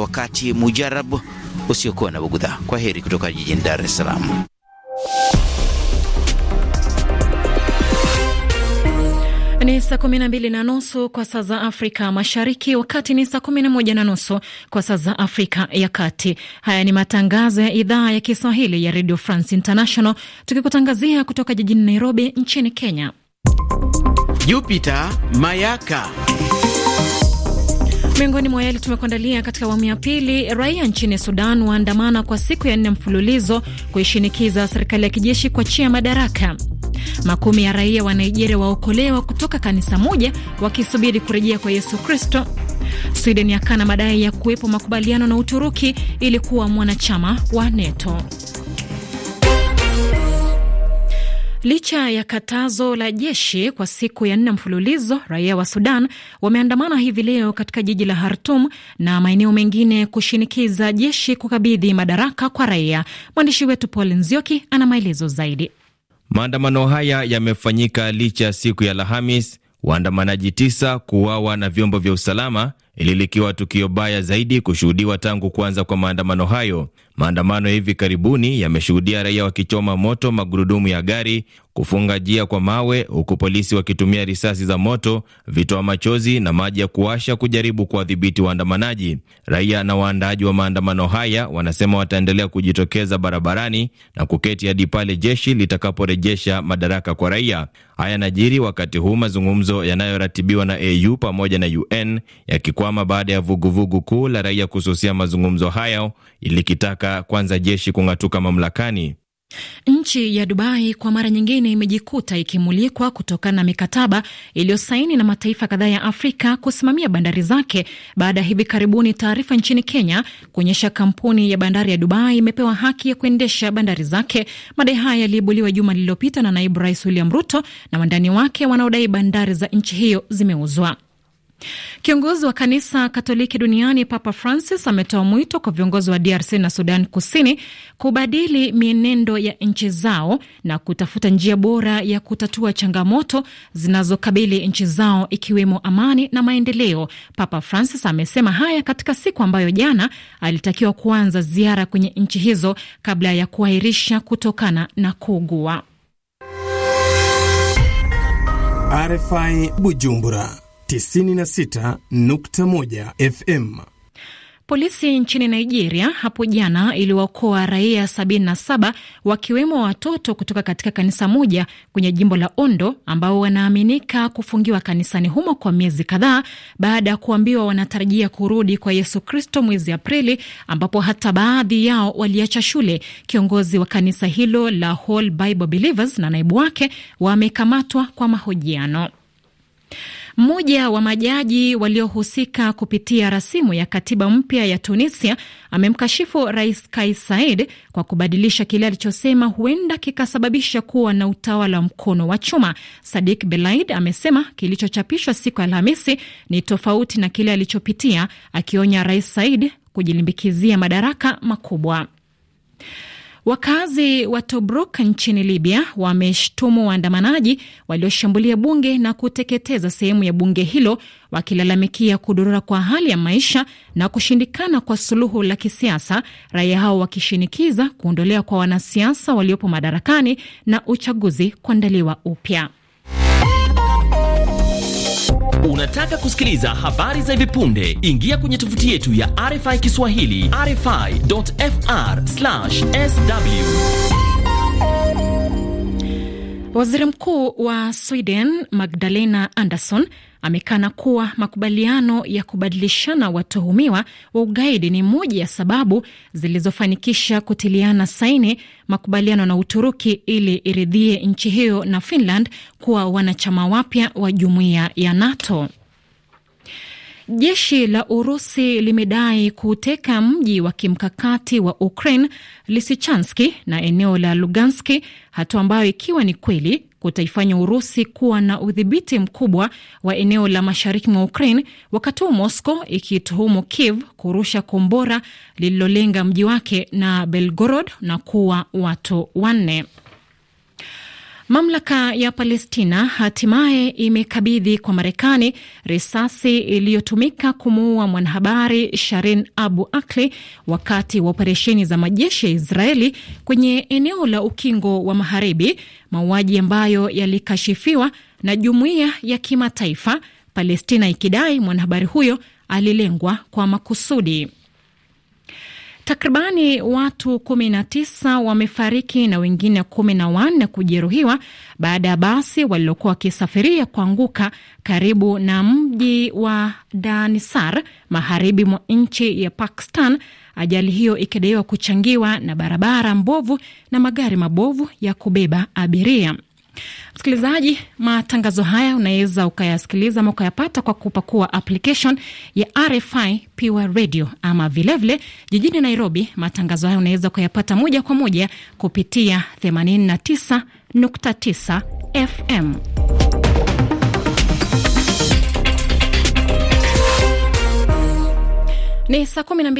Wakati mujarabu usiokuwa na bugudha. Kwa heri kutoka jijini Dar es Salaam. Ni saa kumi na mbili na nusu kwa saa za Afrika Mashariki, wakati ni saa kumi na moja na nusu kwa saa za Afrika ya Kati. Haya ni matangazo ya idhaa ya Kiswahili ya Radio France International, tukikutangazia kutoka jijini Nairobi nchini Kenya. Jupiter Mayaka Miongoni mwa yale tumekuandalia katika awamu ya pili, raia nchini Sudan waandamana kwa siku ya nne mfululizo kuishinikiza serikali ya kijeshi kuachia madaraka. Makumi ya raia wa Nigeria waokolewa kutoka kanisa moja wakisubiri kurejea kwa Yesu Kristo. Sweden yakana madai ya kuwepo makubaliano na Uturuki ili kuwa mwanachama wa NATO. Licha ya katazo la jeshi kwa siku ya nne mfululizo, raia wa Sudan wameandamana hivi leo katika jiji la hartum na maeneo mengine kushinikiza jeshi kukabidhi madaraka kwa raia. Mwandishi wetu Paul Nzioki ana maelezo zaidi. Maandamano haya yamefanyika licha ya siku ya Alhamis waandamanaji tisa kuuawa na vyombo vya usalama, ili likiwa tukio baya zaidi kushuhudiwa tangu kuanza kwa maandamano hayo. Maandamano ya hivi karibuni yameshuhudia raia wakichoma moto magurudumu ya gari, kufunga njia kwa mawe, huku polisi wakitumia risasi za moto, vitoa machozi na maji ya kuwasha kujaribu kuwadhibiti waandamanaji. Raia na waandaaji wa maandamano haya wanasema wataendelea kujitokeza barabarani na kuketi hadi pale jeshi litakaporejesha madaraka kwa raia. Haya najiri wakati huu mazungumzo yanayoratibiwa na AU pamoja na UN yakikwama baada ya vuguvugu kuu la raia kususia mazungumzo hayo ilikitaka kutaka kwanza jeshi kung'atuka mamlakani. Nchi ya Dubai kwa mara nyingine imejikuta ikimulikwa kutokana na mikataba iliyosaini na mataifa kadhaa ya Afrika kusimamia bandari zake baada ya hivi karibuni taarifa nchini Kenya kuonyesha kampuni ya bandari ya Dubai imepewa haki ya kuendesha bandari zake. Madai haya yaliibuliwa juma lililopita na naibu rais William Ruto na wandani wake wanaodai bandari za nchi hiyo zimeuzwa. Kiongozi wa kanisa Katoliki duniani Papa Francis ametoa mwito kwa viongozi wa DRC na Sudan Kusini kubadili mienendo ya nchi zao na kutafuta njia bora ya kutatua changamoto zinazokabili nchi zao ikiwemo amani na maendeleo. Papa Francis amesema haya katika siku ambayo jana alitakiwa kuanza ziara kwenye nchi hizo kabla ya kuahirisha kutokana na kuugua. RFI Bujumbura 96.1 FM. Polisi nchini Nigeria hapo jana iliwaokoa raia 77 wakiwemo watoto kutoka katika kanisa moja kwenye jimbo la Ondo ambao wanaaminika kufungiwa kanisani humo kwa miezi kadhaa baada ya kuambiwa wanatarajia kurudi kwa Yesu Kristo mwezi Aprili, ambapo hata baadhi yao waliacha shule. Kiongozi wa kanisa hilo la Whole Bible Believers na naibu wake wamekamatwa kwa mahojiano. Mmoja wa majaji waliohusika kupitia rasimu ya katiba mpya ya Tunisia amemkashifu Rais Kais Saied kwa kubadilisha kile alichosema huenda kikasababisha kuwa na utawala wa mkono wa chuma. Sadik Belaid amesema kilichochapishwa siku ya Alhamisi ni tofauti na kile alichopitia, akionya Rais Saied kujilimbikizia madaraka makubwa. Wakazi wa Tobruk nchini Libya wameshtumu waandamanaji walioshambulia bunge na kuteketeza sehemu ya bunge hilo, wakilalamikia kudorora kwa hali ya maisha na kushindikana kwa suluhu la kisiasa, raia hao wakishinikiza kuondolewa kwa wanasiasa waliopo madarakani na uchaguzi kuandaliwa upya. Unataka kusikiliza habari za hivi punde? Ingia kwenye tovuti yetu ya RFI Kiswahili, rfi.fr/sw. Waziri Mkuu wa Sweden Magdalena Andersson amekana kuwa makubaliano ya kubadilishana watuhumiwa wa ugaidi ni moja ya sababu zilizofanikisha kutiliana saini makubaliano na Uturuki ili iridhie nchi hiyo na Finland kuwa wanachama wapya wa jumuiya ya NATO. Jeshi la Urusi limedai kuteka mji wa kimkakati wa Ukraine Lisichanski na eneo la Luganski, hatua ambayo ikiwa ni kweli kutaifanya Urusi kuwa na udhibiti mkubwa wa eneo la mashariki mwa Ukraine, wakati huu Moscow ikituhumu Kiev kurusha kombora lililolenga mji wake na Belgorod na kuwa watu wanne. Mamlaka ya Palestina hatimaye imekabidhi kwa Marekani risasi iliyotumika kumuua mwanahabari Sharin Abu Akli wakati wa operesheni za majeshi ya Israeli kwenye eneo la Ukingo wa Magharibi, mauaji ambayo yalikashifiwa na jumuiya ya kimataifa, Palestina ikidai mwanahabari huyo alilengwa kwa makusudi. Takribani watu kumi na tisa wamefariki na wengine kumi na wanne kujeruhiwa baada ya basi walilokuwa wakisafiria kuanguka karibu na mji wa Danisar magharibi mwa nchi ya Pakistan, ajali hiyo ikidaiwa kuchangiwa na barabara mbovu na magari mabovu ya kubeba abiria. Msikilizaji, matangazo haya unaweza ukayasikiliza ama ukayapata kwa kupakua application ya RFI Pure Radio ama vilevile vile, jijini Nairobi matangazo haya unaweza ukayapata moja kwa moja kupitia 89.9 FM. Ni saa